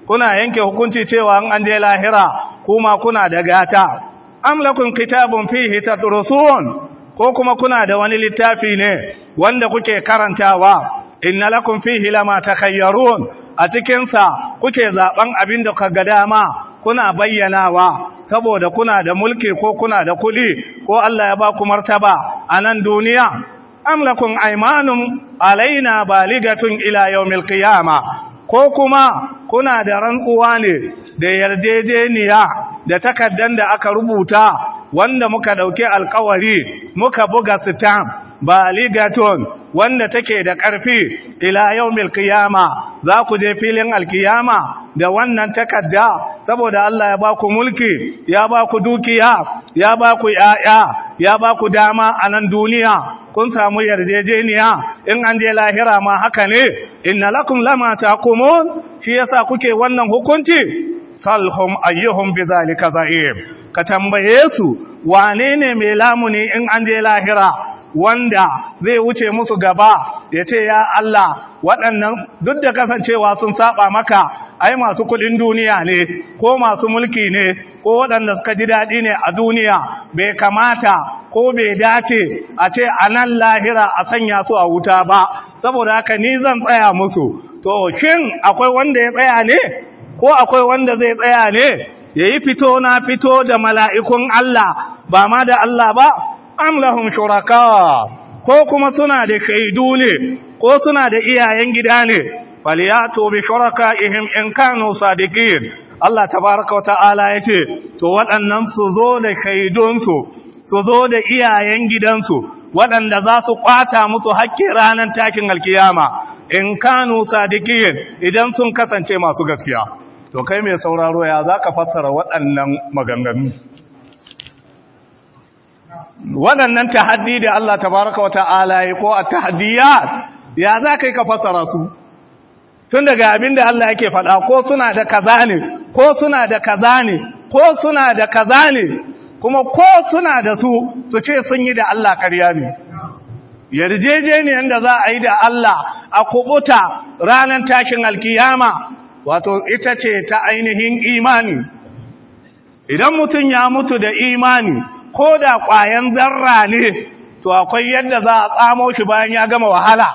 kuna yanke hukunci cewa an je lahira kuma kuna da gata amlakun kitabun fihi tadrusun ko kuma kuna da wani littafi ne wanda kuke karantawa inna lakum fihi lama takhayyarun a cikin sa kuke zaben abin da kaga dama kuna bayyanawa saboda kuna da mulki ko kuna da kuli ko Allah ya ba ku martaba a nan duniya am lakum aymanum alaina baligatun ila yawmil qiyama ko kuma kuna da rantsuwa ne da yarjejeniya da takaddan da aka rubuta wanda muka dauke alkawari muka buga sitam aligaton, wanda take da ƙarfi ila yaumil qiyama za ku je filin alkiyama da wannan takadda saboda Allah ya ba ku mulki ya ba ku dukiya ya ba ku yaya ya ba ku dama a nan duniya kun samu yarjejeniya in an je lahira ma haka ne inna lakum lama taqumun shi yasa kuke wannan hukunci salhum ayyuhum bi zalika za'im ka tambaye su wane ne mai lamuni in an je lahira wanda zai wuce musu gaba ya ce ya Allah waɗannan duk da kasancewa sun saba maka ai masu kuɗin duniya ne ko masu mulki ne ko waɗanda suka ji daɗi ne a duniya bai kamata ko bai dace a ce a nan lahira a sanya su a wuta ba saboda haka ni zan tsaya musu to shin akwai wanda ya tsaya ne ko akwai wanda zai tsaya ne ya yi fito na fito da mala'ikun Allah ba ma da Allah ba am lahun shurakawa ko kuma suna da shaidu ne ko suna da iyayen gida ne falyato bi ihim in kano sadikin Allah tabaraka wa ta'ala ya ce, To waɗannan su zo da shaidunsu, su zo da iyayen gidansu, waɗanda za su kwata musu haƙƙi ranar takin alkiyama, in kano sadikin idan sun kasance masu gaskiya. to kai mai sauraro ya za ka fassara waɗannan maganganu waɗannan tahaddi da Allah ta wa wata ya ko a tahaddiyat ya za ka yi ka fassara su tun daga abin da Allah yake faɗa ko suna da kaza ne ko suna da kaza ne ko suna da kaza ne kuma ko suna da su su ce sun yi da Allah karya ne yarjejeniyar da za a yi da Allah a kubuta ranar tashin alkiyama wato ita ce ta ainihin imani idan mutum ya mutu da imani ko da ƙwayan zarra ne to akwai yadda za a tsamo shi bayan ya gama wahala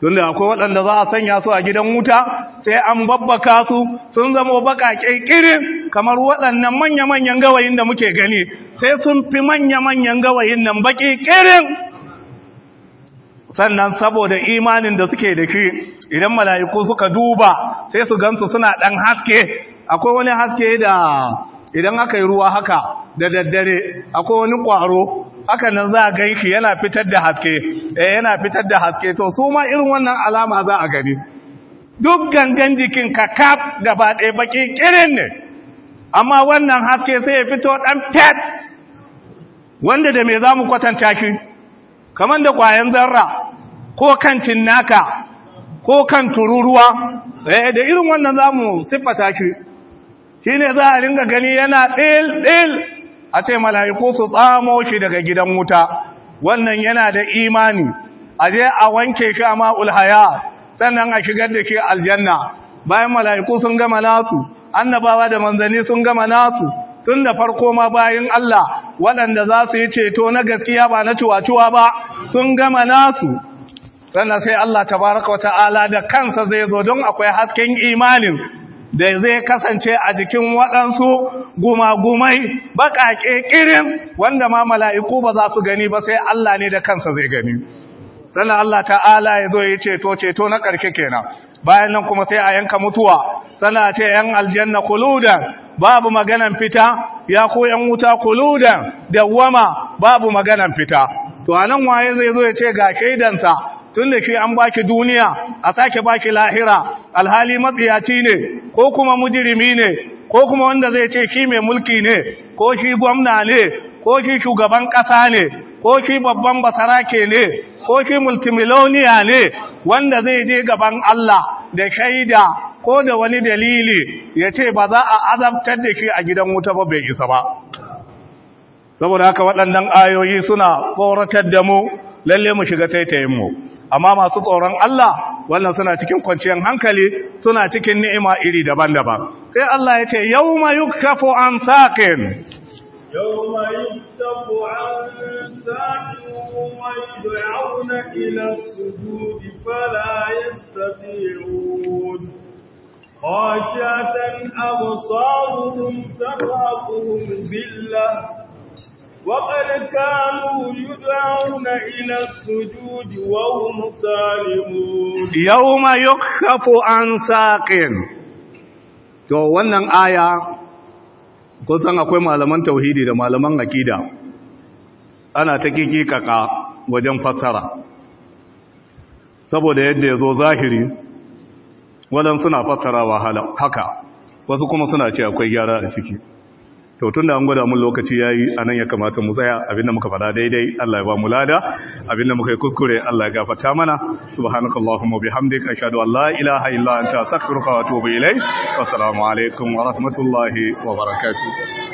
tunda akwai waɗanda za a sanya su a gidan wuta sai an babbaka su sun zama baka ƙirin kamar waɗannan manya-manyan gawayin da muke gani sai sun fi manya-manyan gawayin nan baƙi ƙirin sannan saboda imanin da suke da shi idan mala'iku suka duba sai su gansu suna ɗan haske akwai wani haske da idan aka yi ruwa haka da daddare akwai wani ƙwaro haka nan za a gan shi yana fitar da haske eh yana fitar da haske to su ma irin wannan alama za a gani duk gangan jikin ka da gaba ɗaya baki kirin ne amma wannan haske sai ya fito ɗan fet wanda da me za mu kwatanta shi kamar da ƙwayan zarra ko kan cinnaka ko kan tururuwa eh, da irin wannan za mu siffata shi shi ne za a ringa gani yana ɗil-ɗil a ce mala'iku su tsamo shi daga gidan wuta wannan yana da imani a je a wanke shi a ma'ul haya sannan a shigar da shi aljanna bayan mala'iku sun gama nasu annabawa da manzanni sun gama nasu tun da farko ma bayan Allah waɗanda za su yi ceto na gaskiya ba na cuwa-cuwa ba sun gama nasu sannan sai Allah tabaraka wa ta'ala da kansa zai zo don akwai hasken imanin da zai kasance a jikin waɗansu gumagumai baƙaƙe ƙirin wanda ma mala'iku ba za su gani ba sai Allah ne da kansa zai gani sannan Allah ta'ala ya zo ya ceto ceto na ƙarshe kenan bayan nan kuma sai a yanka mutuwa sana ce yan aljanna kuludan. babu maganan fita ya ko yan wuta da dawwama babu maganan fita to anan waye zai zo ya ce ga shaidansa tun da shi an baki duniya a sake baki lahira alhali matsiyaci ne ko kuma mujirimi ne ko kuma wanda zai ce shi mai mulki ne ko shi gwamna ne ko shi shugaban ƙasa ne ko shi babban basarake ne ko shi multimiloniya ne wanda zai je gaban Allah da shaida ko da wani dalili ya ce ba za a azabtar da shi a gidan wuta ba bai isa ba saboda haka waɗannan ayoyi suna tsoratar da mu lalle mu shiga mu. amma masu tsoron Allah wannan suna cikin kwanciyar hankali suna cikin ni'ima iri daban-daban sai Allah ya ce yawma yukfafu an saqin يوم يكتب عن ساق ويدعون إلى السجود فلا يستطيعون خاشعة أبصارهم ترهقهم ذلة وقد كانوا يدعون إلى السجود وهم سالمون يوم يخف عن ساق تو wannan aya kun san akwai malaman tauhidi da malaman aqida ana ta kikikaka wajen fassara saboda yadda yazo zahiri wadan suna wahala, haka wasu kuma suna ce akwai gyara a ciki to tun da an gwada mun lokaci yayi anan ya kamata mu tsaya abinda muka fada daidai Allah ya ba mu lada abinda muka yi kuskure Allah ya gafarta mana subhanakallahumma bihamdika ashhadu an la ilaha illa anta astaghfiruka wa atubu ilaik assalamu alaikum wa rahmatullahi wa barakatuh